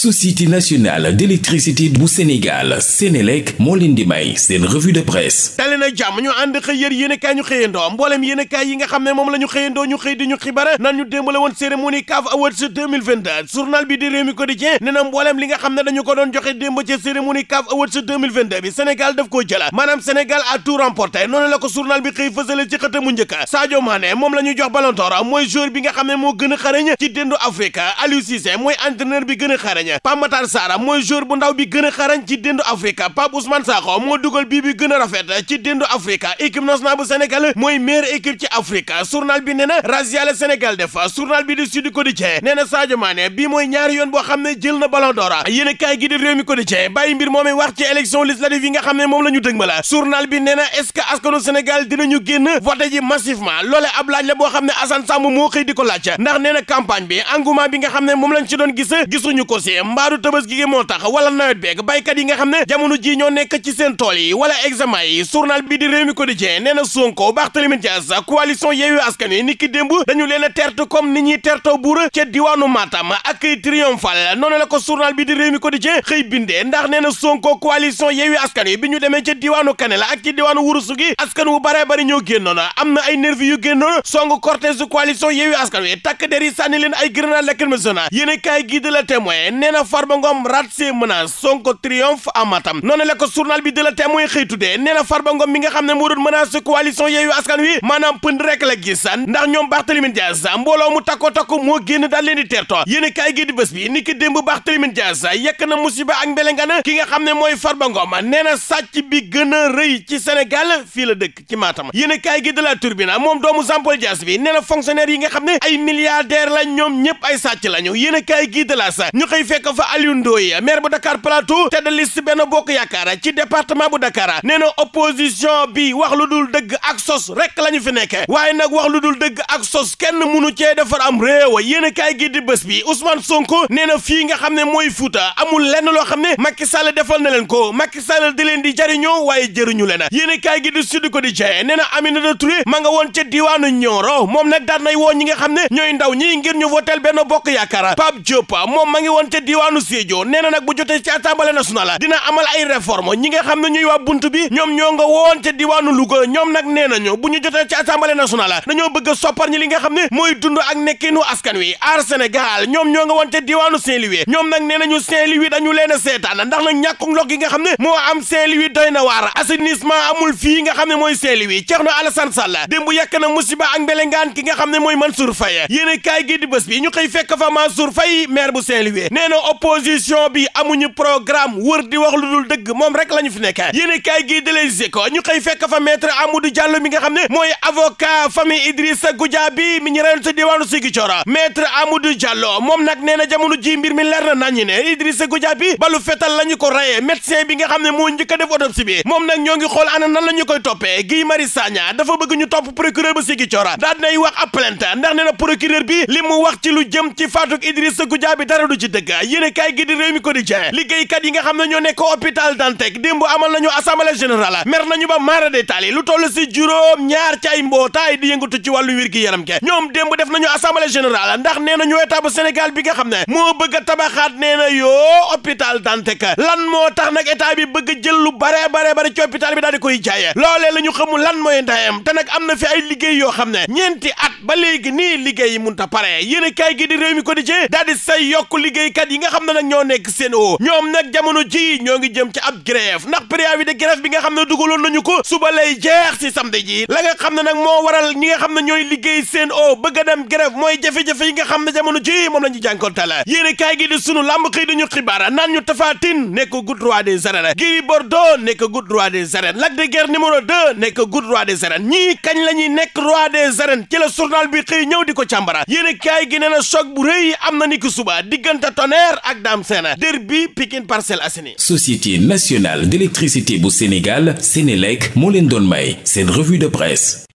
société nationale d'électricité bu Sénégal Sénélec moo leen di may seen revue de presse dali jàmm ñu ànd xëy yar yéen kaay ñu xëyandoo mbooleem yéen kaay yi nga xam ne moom la ñu ñu xëy di ñu xibara nan ñu démbale woon cérémonie CAF Awards 2022 journal bi di Rewmi Quotidien ne na mbooleem li nga xam ne dañu ko doon joxe démb ci cérémonie CAF Awards 2022 bi Sénégal daf koo jëla maanaam Sénégal a tout remporté noonu la ko journal bi xëy fësale a xarañ Pape Matar Sarr mooy joueur bu ndaw bi gën a xarañ ci déndu Afrique Pape Ousmane Sakho moo dugal bii bi gën a rafet ci déndu Afrique équipe nationale bu Sénégal mooy meilleure équipe ci Afrique journal bi nee na razzia la Sénégal bi di Sud Quotidien nee na Sadio Mané bii mooy ñaari yoon xam ne jël na Ballon d'Or yéen a kaay gi di Rewmi Quotidien mbir moom wax ci élection législative xam ne moom la ñu dëgmala journal bi nee na est xam ne Assane Samb moo xëy di ko laaj na campagne bi engouement bi nga xam ne moom lañ ci doon gis mbaadu tabaski gi moo tax wala nawet beeg baykat yi nga xam ne jamono ji ñoo nekk ci seen tool yi wala examen yi journal bi di Rewmi Quotidien nee na Sonko Barthélémy Dias coalition Yewwi Askan Wi ni ki démb dañu leen a tertu comme ni ñuy tertoo buur ca diwaanu Matam ak triomphal noonu la ko journal bi di Rewmi Quotidien xëy bindee ndax nee na Sonko coalition Yewwi Askan bi ñu demee ca diwaanu Kanela ak ci diwaanu Ourossogui askan wu bare bari ñoo génnoon am na ay nervi yu génnoon song cortège coalition Yewwi Askan Wi takk nee na Farba bi de la témoin xëy tuddee doon menace coalition Yewwi Askan Wi maanaam pënd rek la gis ndax ñoom Barthélémy Dias mbooloo mu takko moo génn daal leen di teerto yéen a kaay gi di bés bi ni musiba ak ki nga xam ne mooy Farba Ngom nee na sàcc bi gën a rëy ci Sénégal fii la dëkk ci Matam yéen a kaay gi de la Tribune moom doomu Jean Paul Dias bi nee na yi nga xam ne ay milliardaire la ñoom ñëpp ay sàcc lañu yéen a la sa ñu xëy fekk fa Aliou Ndoye maire bu Dakar Plateau te de liste benn bokk yaakaar ci département bu Dakar nee na opposition bi wax lu dul dëgg ak sos rek la ñu waaye nag wax lu dul dëgg ak sos kenn munu cee defar am réew yéen a kaay gi di bés bi Ousmane Sonko nee na fii nga xam ne mooy Fuuta amul lenn loo xam ne Macky Sall defal na leen ko Macky Sall di leen di jariñoo waaye jëriñu leen yéen a kaay gi di Sud Quotidien nee na Aminata Touré ma nga woon ca diwaanu Nioro moom diwaanu Sédhiou nee na nag jotee ci assemblée nationale dina amal ay réforme ñi nga xam ne ñuy waa bunt bi ñoom ñoo nga woon ca diwaanu Louga ñoom nag nee nañu bu ñu jotee ci assemblée na dañoo bëgg a soppar ñi li nga xam ne mooy dund ak nekkinu askan wi aar Sénégal ñoom ñoo nga woon ca diwaanu Saint-Louis ñoom nag nee nañu Saint-Louis dañu leen a seetaan ndax nag ñàkkum ndox gi nga xam ne moo am Saint-Louis doy na waar assainissement amul fii nga xam ne mooy Saint-Louis Thierno Alassane Sall démb bu yàkk na musiba ki nga xam ne mooy Mansour Faye yéen kaay gi di bés bi opposition bi amuñu programme wër di wax lu dul dëgg moom rek la ñu fi nekkee yéen i kaay gii di Les Échos ñu xëy fekk fa maître Amadou Diallo mi nga xam ne mooy avocat famille Idrissa Goudiaby mi ñu reyoon ci diwaanu Ziguinchor maître Amadou Diallo moom nag nee na jamono ji mbir mi leer na nañu ne Idrissa Goudiaby balu fetal la ñu ko reyee médecin bi nga xam ne moo njëkk a def autopsie bi moom nag ñoo ngi xool ana nan la ñu koy toppee Guy Marius Sagna dafa bëgg ñu topp procureur bu Ziguinchor daal dinay wax ab plainte ndax nee na procureur bi li mu wax ci lu jëm ci faatuk Idrissa Goudiaby dara du ci dëgg yéene kaay gi di réew mi quotidien liggéeykat yi nga xam ne ñoo nekk hôpital Dantec démb amal nañu assemblée générale mer nañu ba maara détail yi lu toll si juróom ñaar ci ay mbootaay di yëngatu ci wàllu wér gi yaram ke ñoom démb def nañu assemblée générale ndax nee nañu état bu Sénégal bi nga xam ne moo bëgg tabaxaat nee na yoo hôpital lan moo tax nag état bi bëgg jël lu bare bare bare ci hôpital bi daal di koy jaaye loole la ñu xamul lan mooy ndayam te nag am na fi ay liggéey yoo xam ne ñeenti at ba léegi nii liggéey yi munta pare kaay gi di réew mi quotidien daal di say yokk liggéeykat yi nga xam na nag ñoo nekk seen Sen'Eau ñoom nag jamono ji ñoo ngi jëm ci ab grève ndax préavis de grève bi nga xam ne dugaloon nañu ko suba lay jeex sam de ji la nga xam na nag moo waral ñi nga xam ne ñooy liggéey Sen'Eau bëgg a dem grève mooy jafe-jafe yi nga xam ne jamono ji moom la ñu jànkontala yéene kaay gi di sunu làmb xëy dañu xibaara naan ñu tafaatin nekk good roi des arènes Gris Bordeaux nekk good roi des arènes Lac de Guiers numéro 2 nekk good roi des arènes ñii kañ la ñuy nekk roi des arènes bi xëy ñëw di ko càmbara yéene kaay gi nee na choc am na ni ko diggante Cher ak Dame Sène derby Pikine Parcelles Assainies Société nationale d'électricité bu Sénégal Sénélec moo leen doon may seen revue de presse